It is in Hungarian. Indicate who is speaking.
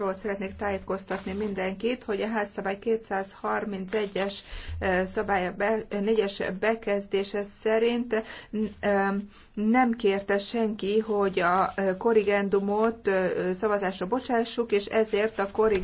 Speaker 1: arról szeretnék tájékoztatni mindenkit, hogy a házszabály 231-es eh, szabálya 4-es bekezdése szerint eh, nem kérte senki, hogy a eh, korrigendumot szavazásra bocsássuk, és
Speaker 2: ezért a korrigendum